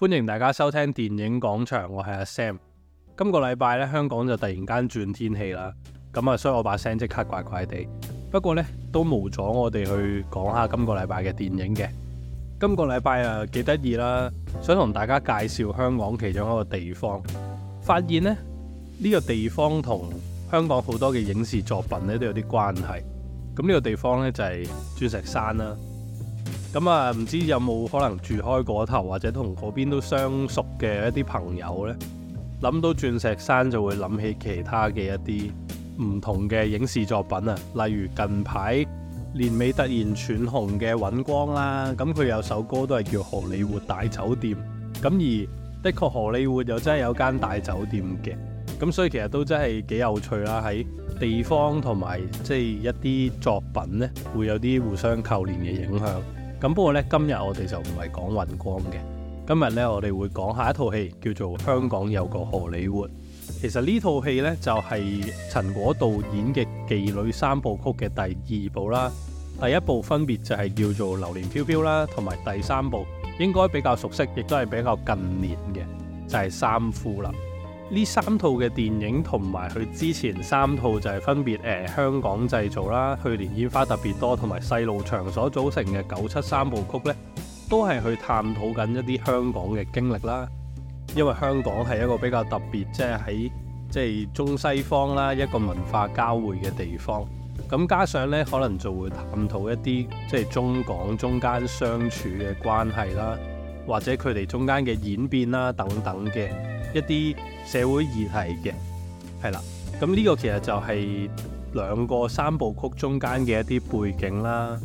歡迎大家收聽電影廣場，我係阿 Zam。今個禮拜咧，香港就突然間轉天氣啦，咁啊，所以我把聲即刻怪怪地。不過呢，都冇阻我哋去講下今個禮拜嘅電影嘅。今個禮拜啊，幾得意啦，想同大家介紹香港其中一個地方，發現呢，呢、呢個地方同香港好多嘅影視作品咧都有啲關係。咁、呢、呢個地方呢，就係鑽石山啦。咁啊，唔、嗯、知有冇可能住開嗰頭，或者同嗰邊都相熟嘅一啲朋友呢，諗到鑽石山就會諗起其他嘅一啲唔同嘅影視作品啊，例如近排年尾突然轉紅嘅尹光啦，咁、嗯、佢有首歌都係叫《荷里活大酒店》，咁、嗯、而的確荷里活又真係有間大酒店嘅，咁、嗯、所以其實都真係幾有趣啦，喺地方同埋即係一啲作品呢，會有啲互相扣連嘅影響。咁不過呢，今日我哋就唔係講雲光嘅。今日呢，我哋會講下一套戲，叫做《香港有個荷里活》。其實呢套戲呢，就係陳果導演嘅《妓女三部曲》嘅第二部啦。第一部分別就係叫做《榴槤飄飄》啦，同埋第三部應該比較熟悉，亦都係比較近年嘅，就係、是《三夫》啦。呢三套嘅電影同埋佢之前三套就係分別誒、呃、香港製造啦，去年煙花特別多，同埋細路祥所組成嘅九七三部曲呢，都係去探討緊一啲香港嘅經歷啦。因為香港係一個比較特別，即係喺即係中西方啦一個文化交匯嘅地方。咁加上呢，可能就會探討一啲即係中港中間相處嘅關係啦，或者佢哋中間嘅演變啦等等嘅一啲社會議題嘅係啦，咁呢個其實就係兩個三部曲中間嘅一啲背景啦。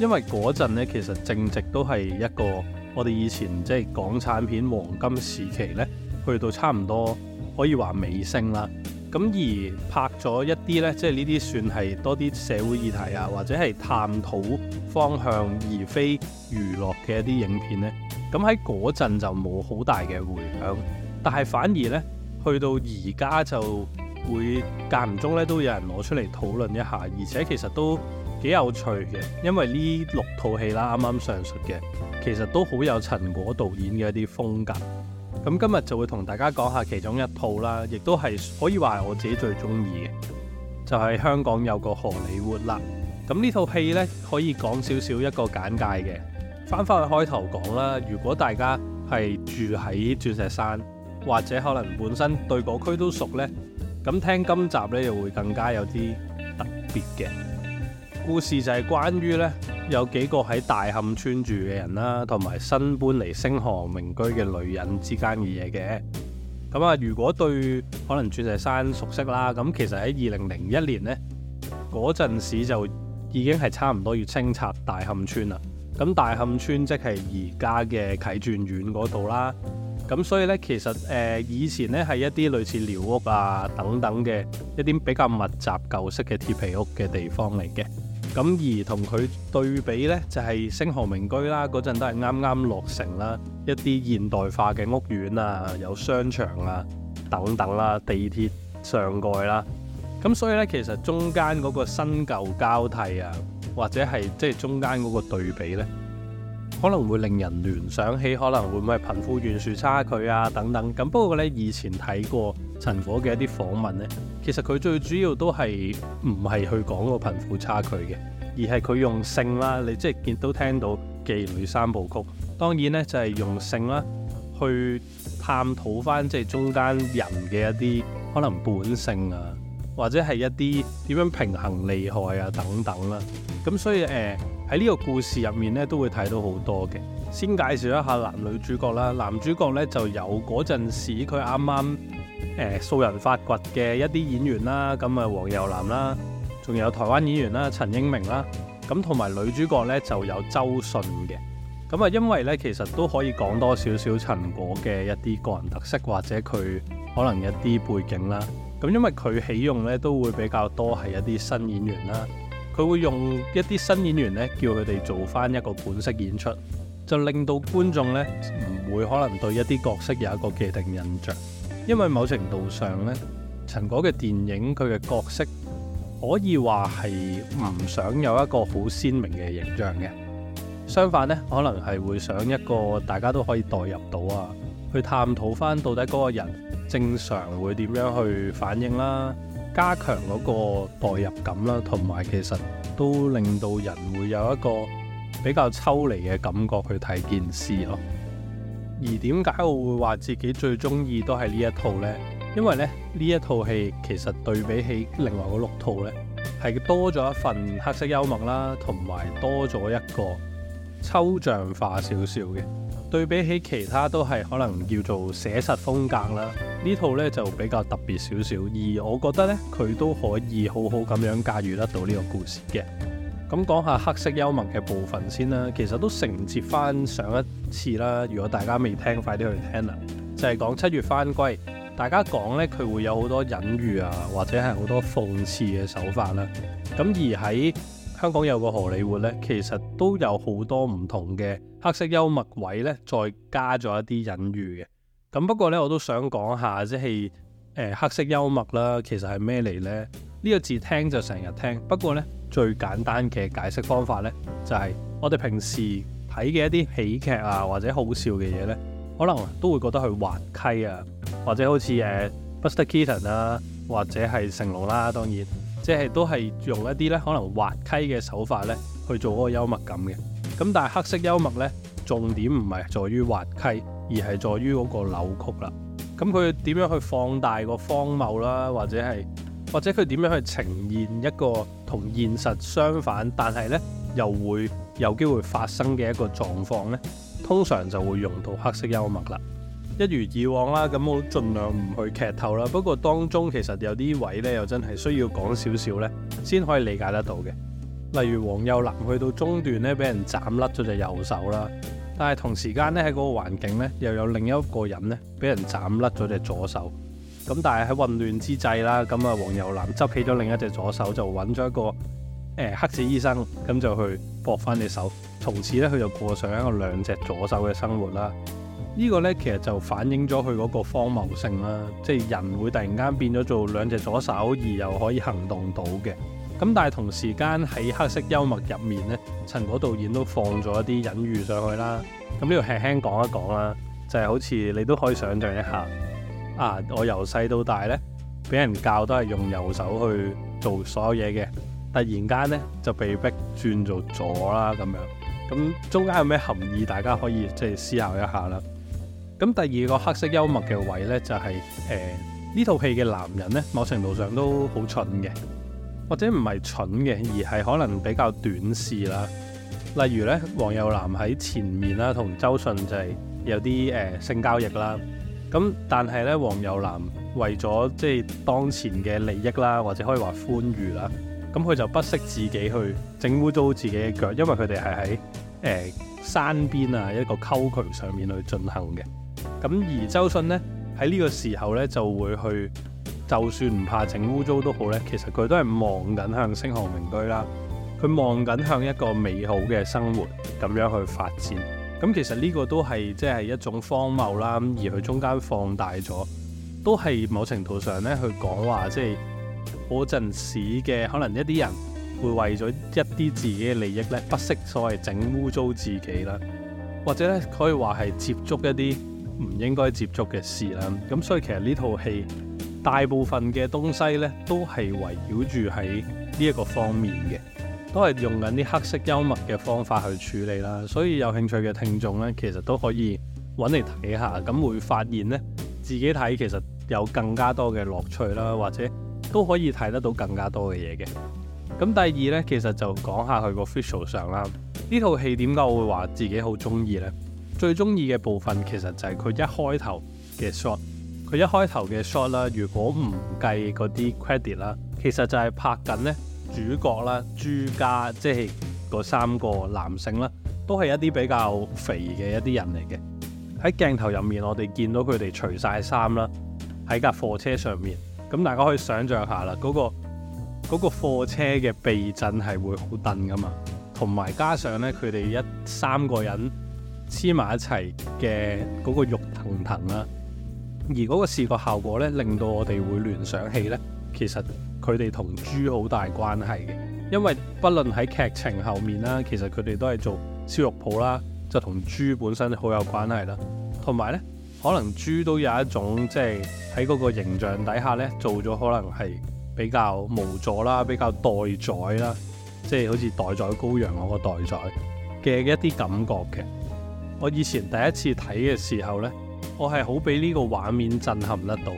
因為嗰陣咧，其實正值都係一個我哋以前即係港產片黃金時期呢，去到差唔多可以話尾聲啦。咁而拍咗一啲呢，即係呢啲算係多啲社會議題啊，或者係探討方向，而非娛樂嘅一啲影片呢。咁喺嗰陣就冇好大嘅回響，但係反而呢。去到而家就會間唔中咧都有人攞出嚟討論一下，而且其實都幾有趣嘅，因為呢六套戲啦，啱啱上述嘅，其實都好有陳果導演嘅一啲風格。咁今日就會同大家講下其中一套啦，亦都係可以話係我自己最中意嘅，就係《香港有個荷里活》啦。咁呢套戲呢，可以講少少一個簡介嘅，翻返去開頭講啦。如果大家係住喺鑽石山，或者可能本身對嗰區都熟呢，咁聽今集呢，又會更加有啲特別嘅故事，就係關於呢，有幾個喺大磡村住嘅人啦，同埋新搬嚟星河名居嘅女人之間嘅嘢嘅。咁啊，如果對可能鑽石山熟悉啦，咁其實喺二零零一年呢，嗰陣時就已經係差唔多要清拆大磡村啦。咁大磡村即係而家嘅啟鑽苑嗰度啦。咁所以呢，其實誒、呃、以前呢係一啲類似寮屋啊等等嘅一啲比較密集舊式嘅鐵皮屋嘅地方嚟嘅。咁而同佢對比呢，就係、是、星河名居啦，嗰陣都係啱啱落成啦，一啲現代化嘅屋苑啊，有商場啊等等啦，地鐵上蓋啦。咁所以呢，其實中間嗰個新舊交替啊，或者係即係中間嗰個對比呢。可能會令人聯想起可能會唔會貧富懸殊差距啊等等。咁不過咧，以前睇過陳果嘅一啲訪問呢，其實佢最主要都係唔係去講個貧富差距嘅，而係佢用性啦，你即係見到聽到妓女三部曲，當然呢就係、是、用性啦去探討翻即係中間人嘅一啲可能本性啊，或者係一啲點樣平衡利害啊等等啦。咁所以誒。呃喺呢個故事入面咧，都會睇到好多嘅。先介紹一下男女主角啦。男主角咧就有嗰陣時佢啱啱誒素人發掘嘅一啲演員啦，咁啊黃又南啦，仲有台灣演員啦陳英明啦。咁同埋女主角咧就有周迅嘅。咁啊，因為咧其實都可以講多少少陳果嘅一啲個人特色或者佢可能一啲背景啦。咁啊，因為佢起用咧都會比較多係一啲新演員啦。佢會用一啲新演員咧，叫佢哋做翻一個本色演出，就令到觀眾咧唔會可能對一啲角色有一個既定印象，因為某程度上咧，陳果嘅電影佢嘅角色可以話係唔想有一個好鮮明嘅形象嘅，相反咧，可能係會想一個大家都可以代入到啊，去探討翻到底嗰個人正常會點樣去反應啦。加強嗰個代入感啦，同埋其實都令到人會有一個比較抽離嘅感覺去睇件事咯。而點解我會話自己最鍾意都係呢一套呢？因為呢呢一套戲其實對比起另外嗰六套呢，係多咗一份黑色幽默啦，同埋多咗一個抽象化少少嘅。對比起其他都係可能叫做寫實風格啦，呢套呢就比較特別少少，而我覺得呢，佢都可以好好咁樣駕馭得到呢個故事嘅。咁講下黑色幽默嘅部分先啦，其實都承接翻上一次啦。如果大家未聽，快啲去聽啦。就係講七月返歸，大家講呢，佢會有好多隱喻啊，或者係好多諷刺嘅手法啦。咁而喺香港有個荷里活咧，其實都有好多唔同嘅黑色幽默位咧，再加咗一啲隱喻嘅。咁不過咧，我都想講下，即係誒黑色幽默啦，其實係咩嚟呢？呢、這個字聽就成日聽，不過咧最簡單嘅解釋方法咧，就係、是、我哋平時睇嘅一啲喜劇啊，或者好笑嘅嘢咧，可能都會覺得佢滑稽啊，或者好似誒 Buster Keaton 啦、啊，或者係成龍啦、啊，當然。即係都係用一啲咧，可能滑稽嘅手法咧去做嗰個幽默感嘅。咁但係黑色幽默咧，重點唔係在於滑稽，而係在於嗰個扭曲啦。咁佢點樣去放大個荒謬啦，或者係或者佢點樣去呈現一個同現實相反，但係咧又會有機會發生嘅一個狀況咧，通常就會用到黑色幽默啦。一如以往啦，咁我盡量唔去劇透啦。不過當中其實有啲位咧，又真係需要講少少咧，先可以理解得到嘅。例如黃又南去到中段咧，俾人斬甩咗隻右手啦。但係同時間咧，喺嗰個環境咧，又有另一個人咧，俾人斬甩咗隻左手。咁但係喺混亂之際啦，咁啊黃又南執起咗另一隻左手，就揾咗一個誒黑市醫生，咁就去搏返隻手。從此咧，佢就過上一個兩隻左手嘅生活啦。呢個呢，其實就反映咗佢嗰個荒謬性啦，即係人會突然間變咗做兩隻左手而又可以行動到嘅。咁但係同時間喺黑色幽默入面呢，陳果導演都放咗一啲隱喻上去啦。咁呢度輕輕講一講啦，就係好似你都可以想像一下，啊，我由細到大呢，俾人教都係用右手去做所有嘢嘅，突然間呢就被逼轉做左啦咁樣。咁中間有咩含義？大家可以即係思考一下啦。咁第二個黑色幽默嘅位呢，就係誒呢套戲嘅男人呢，某程度上都好蠢嘅，或者唔係蠢嘅，而係可能比較短視啦。例如呢，黃又南喺前面啦，同周迅就係有啲誒、呃、性交易啦。咁但係呢，黃又南為咗即係當前嘅利益啦，或者可以話寬裕啦，咁佢就不惜自己去整污糟自己嘅腳，因為佢哋係喺誒山邊啊一個溝渠上面去進行嘅。咁而周迅呢，喺呢個時候呢，就會去，就算唔怕整污糟都好呢，其實佢都係望緊向星河明居啦，佢望緊向一個美好嘅生活咁樣去發展。咁、嗯、其實呢個都係即係一種荒謬啦，而佢中間放大咗，都係某程度上呢，去講話，即係嗰陣時嘅可能一啲人會為咗一啲自己嘅利益呢，不惜所謂整污糟自己啦，或者呢，可以話係接觸一啲。唔應該接觸嘅事啦，咁所以其實呢套戲大部分嘅東西呢，都係圍繞住喺呢一個方面嘅，都係用緊啲黑色幽默嘅方法去處理啦。所以有興趣嘅聽眾呢，其實都可以揾嚟睇下，咁會發現呢，自己睇其實有更加多嘅樂趣啦，或者都可以睇得到更加多嘅嘢嘅。咁第二呢，其實就講下佢個 facial 上啦，呢套戲點解我會話自己好鍾意呢？最中意嘅部分其實就係佢一開頭嘅 shot，佢一開頭嘅 shot 啦，如果唔計嗰啲 credit 啦，其實就係拍緊咧主角啦，朱家，即係嗰三個男性啦，都係一啲比較肥嘅一啲人嚟嘅。喺鏡頭入面，我哋見到佢哋除晒衫啦，喺架貨車上面，咁大家可以想像下啦，嗰個嗰個貨車嘅避震係會好震噶嘛，同埋加上咧佢哋一三個人。黐埋一齊嘅嗰個肉騰騰啦，而嗰個視覺效果咧，令到我哋會聯想起咧，其實佢哋同豬好大關係嘅。因為不論喺劇情後面啦，其實佢哋都係做燒肉鋪啦，就同豬本身好有關係啦。同埋咧，可能豬都有一種即係喺嗰個形象底下咧，做咗可能係比較無助啦，比較待宰啦，即係好似待宰羔羊嗰個待宰嘅一啲感覺嘅。我以前第一次睇嘅時候呢，我係好俾呢個畫面震撼得到，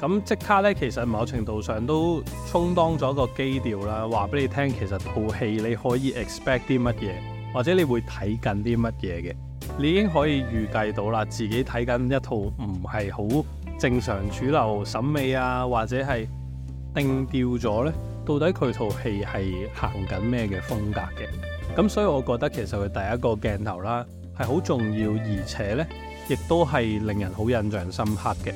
咁即刻呢，其實某程度上都充當咗個基調啦。話俾你聽，其實套戲你可以 expect 啲乜嘢，或者你會睇緊啲乜嘢嘅，你已經可以預計到啦。自己睇緊一套唔係好正常主流審美啊，或者係定調咗呢，到底佢套戲係行緊咩嘅風格嘅？咁所以我覺得其實佢第一個鏡頭啦。係好重要，而且呢亦都係令人好印象深刻嘅。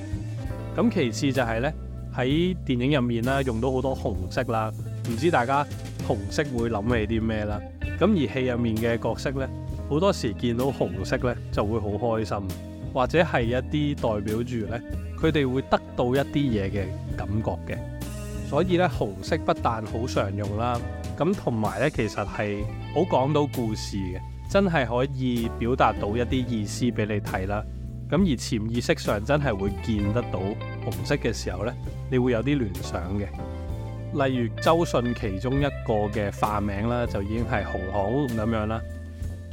咁其次就係呢，喺電影入面啦，用到好多紅色啦。唔知大家紅色會諗起啲咩啦？咁而戲入面嘅角色呢，好多時見到紅色呢就會好開心，或者係一啲代表住呢，佢哋會得到一啲嘢嘅感覺嘅。所以呢，紅色不但好常用啦，咁同埋呢，其實係好講到故事嘅。真係可以表達到一啲意思俾你睇啦，咁而潛意識上真係會見得到紅色嘅時候呢，你會有啲聯想嘅。例如周迅其中一個嘅化名啦，就已經係紅紅咁樣啦。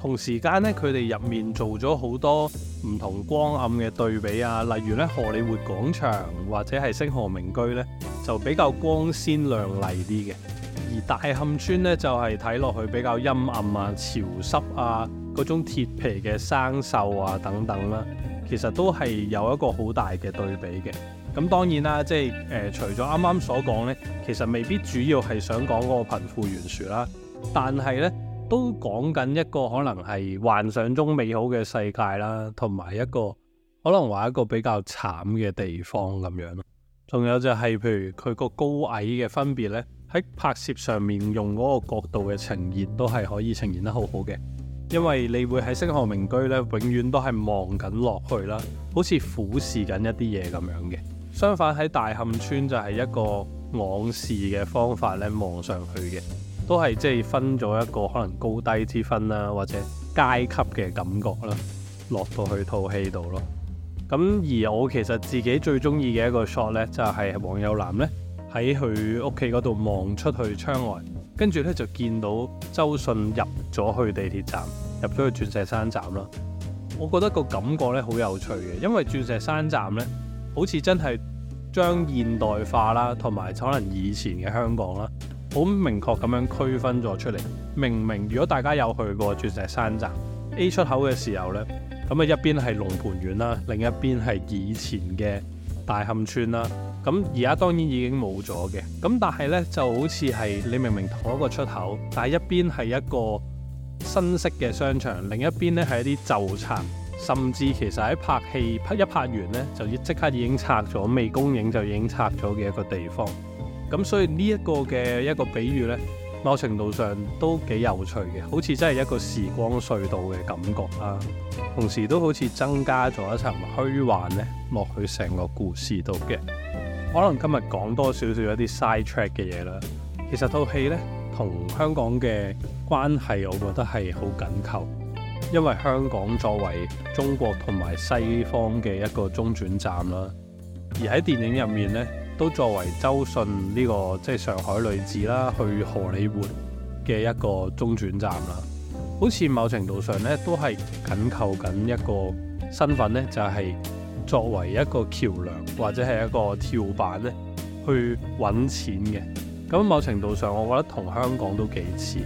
同時間呢，佢哋入面做咗好多唔同光暗嘅對比啊。例如咧，荷里活廣場或者係星河明居呢，就比較光鮮亮麗啲嘅。而大磡村咧就係睇落去比較陰暗啊、潮濕啊、嗰種鐵皮嘅生鏽啊等等啦、啊，其實都係有一個好大嘅對比嘅。咁當然啦，即係誒、呃，除咗啱啱所講呢，其實未必主要係想講嗰個貧富懸殊啦，但係呢，都講緊一個可能係幻想中美好嘅世界啦，同埋一個可能話一個比較慘嘅地方咁樣咯。仲有就係譬如佢個高矮嘅分別呢。喺拍攝上面用嗰個角度嘅呈現都係可以呈現得好好嘅，因為你會喺星河名居咧，永遠都係望緊落去啦，好似俯視緊一啲嘢咁樣嘅。相反喺大磡村就係一個仰視嘅方法咧望上去嘅，都係即係分咗一個可能高低之分啦，或者階級嘅感覺啦，落到去套戲度咯。咁而我其實自己最中意嘅一個 shot 咧，就係、是、黃又南咧。喺佢屋企嗰度望出去窗外，跟住咧就見到周迅入咗去地鐵站，入咗去鑽石山站啦。我覺得個感覺咧好有趣嘅，因為鑽石山站咧好似真係將現代化啦，同埋可能以前嘅香港啦，好明確咁樣區分咗出嚟。明明如果大家有去過鑽石山站 A 出口嘅時候呢，咁啊一邊係龍蟠苑啦，另一邊係以前嘅大磡村啦，咁而家當然已經冇咗嘅，咁但係呢就好似係你明明同一個出口，但係一邊係一個新式嘅商場，另一邊呢係一啲舊殘，甚至其實喺拍戲拍一拍完呢，就即刻已經拆咗，未公映就已經拆咗嘅一個地方。咁所以呢一個嘅一個比喻呢。某程度上都幾有趣嘅，好似真係一個時光隧道嘅感覺啦。同時都好似增加咗一層虛幻咧落去成個故事度嘅。可能今日講多少少一啲 side track 嘅嘢啦。其實套戲呢，同香港嘅關係，我覺得係好緊扣，因為香港作為中國同埋西方嘅一個中轉站啦。而喺電影入面呢。都作為周迅呢、呢個即係上海女子啦，去荷里活嘅一個中轉站啦。好似某程度上呢，都係緊扣緊一個身份呢，就係、是、作為一個橋梁或者係一個跳板呢，去揾錢嘅。咁某程度上，我覺得同香港都幾似，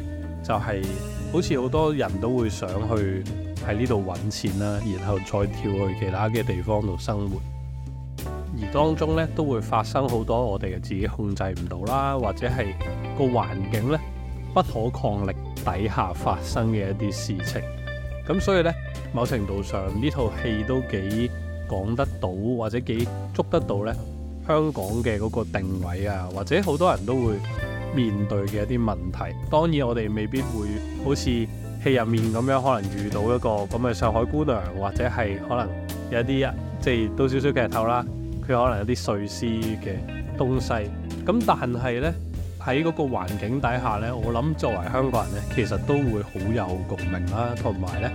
就係、是、好似好多人都會想去喺呢度揾錢啦，然後再跳去其他嘅地方度生活。當中咧都會發生好多我哋自己控制唔到啦，或者係個環境咧不可抗力底下發生嘅一啲事情。咁所以呢，某程度上呢套戲都幾講得到，或者幾捉得到咧香港嘅嗰個定位啊，或者好多人都會面對嘅一啲問題。當然我哋未必會好似戲入面咁樣，可能遇到一個咁嘅上海姑娘，或者係可能有啲即係都少少劇透啦。可能有啲碎屍嘅東西，咁但係咧喺嗰個環境底下咧，我諗作為香港人咧，其實都會好有共鳴啦，同埋咧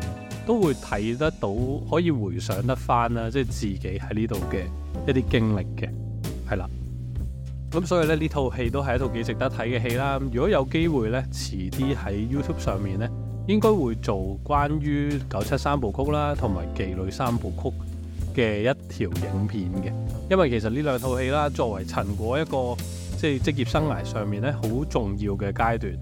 都會睇得到，可以回想得翻啦，即係自己喺呢度嘅一啲經歷嘅，係啦。咁所以咧呢套戲都係一套幾值得睇嘅戲啦。如果有機會咧，遲啲喺 YouTube 上面咧，應該會做關於九七三部曲啦，同埋妓女三步曲。嘅一條影片嘅，因為其實呢兩套戲啦，作為陳果一個即係職業生涯上面咧好重要嘅階段。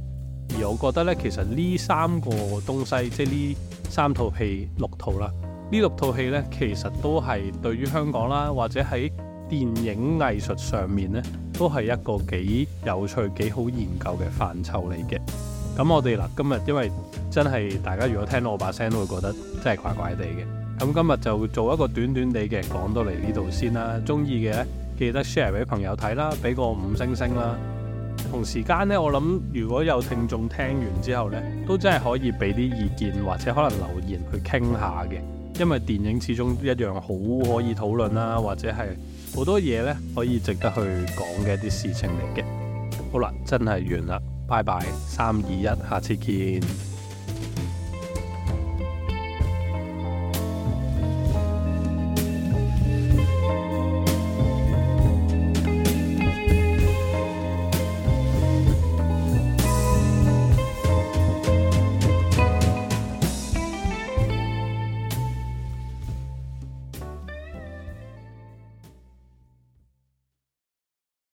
而我覺得咧，其實呢三個東西，即係呢三套戲六套啦，呢六套戲咧，其實都係對於香港啦，或者喺電影藝術上面咧，都係一個幾有趣、幾好研究嘅範疇嚟嘅。咁我哋嗱今日，因為真係大家如果聽到我把聲，都會覺得真係怪怪地嘅。咁今日就做一個短短地嘅講到嚟呢度先啦。中意嘅咧，記得 share 俾朋友睇啦，俾個五星星啦。同時間呢，我諗如果有聽眾聽完之後呢，都真係可以俾啲意見或者可能留言去傾下嘅，因為電影始終一樣好可以討論啦，或者係好多嘢呢可以值得去講嘅一啲事情嚟嘅。好啦，真係完啦，拜拜，三二一，下次見。